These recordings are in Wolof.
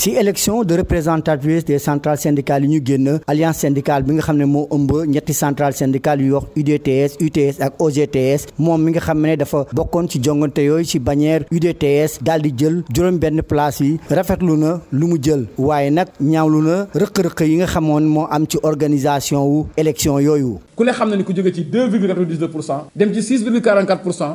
si élection de représentatives des centrales syndicales alliance syndicale bi nga centrales syndicales UDTS UTS ak OGTS moom mi nga xam dafa bokkoon ci jongante yooyu ci bannière UDTS daal di jël benn place yi rafetlu na lu mu jël ñaawlu na nga am ci organisation wu élection ku dem 6,44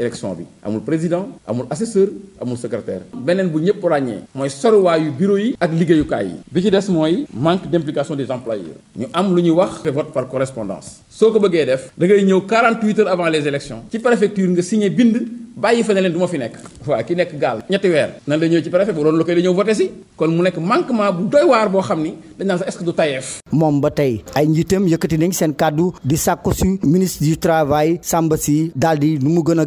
élection bi amul président amul assesseur amul secrétaire benen bu ñëpp ràññee mooy soruwaayu bureau yi ak liggéeyukaay yi bi ci dess moy manque d'implication des employeurs ñu am lu wax vote par correspondance Soko ko bëggee def da ngay ñëw 48 heures avant les élections ci préfecture nga signé bind bàyyi fa ne leen du ma fi nekk waaw ki nekk gaal ñetti weer nan la ñëw ci préfet bu doon localité ñëw voté si kon mu nekk manquement bu doy waar boo xam dañ naan sax est-ce que du tayeef. moom ba tey ay njiitam yëkkati nañ seen kàddu di sàkku si ministre du travail Samba Sy daal nu mu gën a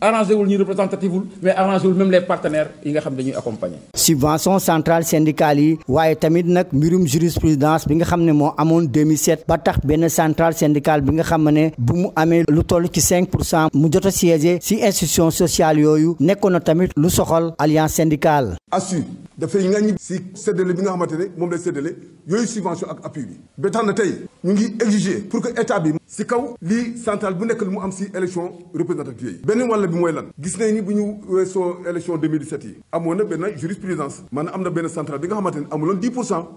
arrangé wul ñu représentatif mais arrangé wul même les partenaires yi nga xam dañuy accompagner. subvention centrale syndicale yi waaye tamit nak mbirum jurisprudence bi nga xamne mo amone 2007 ba tax ben centrale syndicale bi nga xamne bu mu amé lu toll ci 5 mu joto a ci institution sociale yoyu nekkoon tamit lu soxal alliance syndicale. Asu ASSU dafay ŋaññi ci séddale bi nga xamante mom moom lay séddale yoyu subvention ak appui bi ba tax na tey ñu ngi exiger pour que état bi ci kaw li centrale bu nekk lu mu am ci élection représentative yi benn wàll bi moy lan gis nañ ni buñu 2017 yi jurisprudence man amna centrale bi nga 10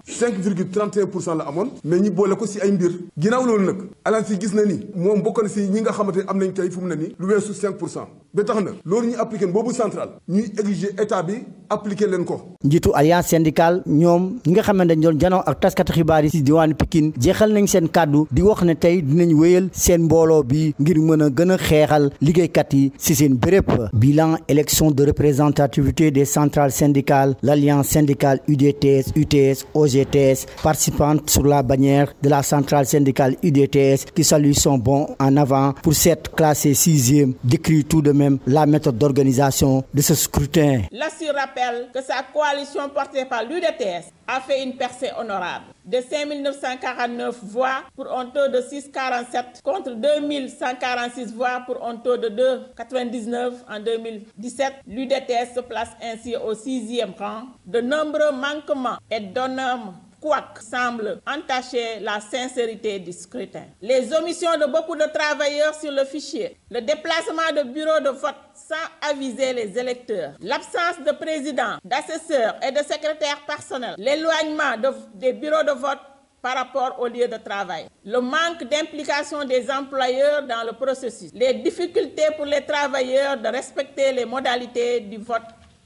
5,31% la mais ñi bolé ko si ay mbir ginaaw loolu nag alliance gis na ni ñi nga am fu mu ni lu 5 ba tax na loolu appliqué boobu central ñuy exigé état bi appliqué leen ko. njiitu alliance syndicale ñoom ñi nga xamante ne doon janoo ak taskati xibaar yi ci diwaanu Pikine jeexal nañ seen kàddu di wax ne tay dinañ wëyel seen mbolo bi ngir mëna gëna xéxal a kat yi ci seen béréb. bilan élection de représentativité des centrales syndicales l'alliance syndicale UDTS UTS OGTS participante sur la bannière de la centrale syndicale UDTS qui salue son bon en avant pour cette classée sixième décrit tout de même la méthode d'organisation de ce scrutin. L'ASSU rappelle que sa coalition portée par l'UDTS a fait une percée honorable de 5949 voix pour un taux de 6,47 contre 2146 voix pour un taux de 2,99 en 2017. L'UDTS se place ainsi au sixième rang. De nombreux manquements et d'honneurs quoique semble entacher la sincérité du scrutin. Les omissions de beaucoup de travailleurs sur le fichier, le déplacement de bureaux de vote sans aviser les électeurs, l'absence de président, d'assesseurs et de secrétaires personnels, l'éloignement des bureaux de vote par rapport au lieu de travail, le manque d'implication des employeurs dans le processus, les difficultés pour les travailleurs de respecter les modalités du vote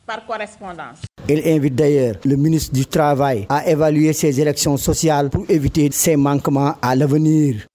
par correspondance. Il invite d'ailleurs le ministre du Travail à évaluer ses élections sociales pour éviter ces manquements à l'avenir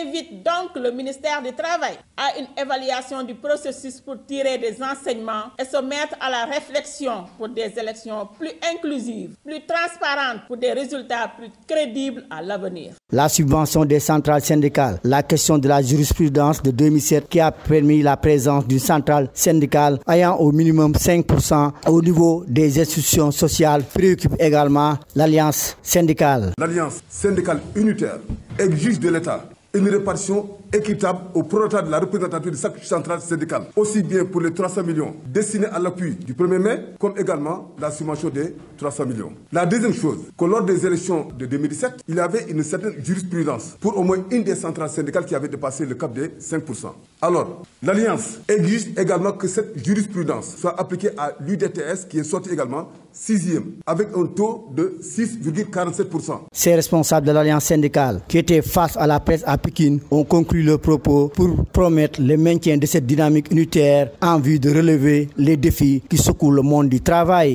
invite donc le ministère du Travail à une évaluation du processus pour tirer des enseignements et se mettre à la réflexion pour des élections plus inclusives, plus transparentes, pour des résultats plus crédibles à l'avenir. La subvention des centrales syndicales, la question de la jurisprudence de 2007 qui a permis la présence d'une centrale syndicale ayant au minimum 5% au niveau des institutions sociales préoccupe également l'Alliance syndicale. L'Alliance syndicale unitaire exige de l'État une répartition équitable au prorata de la représentation de chaque centrale syndicale, aussi bien pour les 300 millions destinés à l'appui du 1er mai, comme également la subvention des 300 millions. La deuxième chose, que lors des élections de 2017, il y avait une certaine jurisprudence pour au moins une des centrales syndicales qui avait dépassé le cap des 5%. Alors, l'Alliance exige également que cette jurisprudence soit appliquée à l'UDTS qui est sortie également sixième, avec un taux de 6,47%. Ces responsables de l'Alliance syndicale qui étaient face à la presse à Pékin ont conclu le propos pour promettre le maintien de cette dynamique unitaire en vue de relever les défis qui secouent le monde du travail.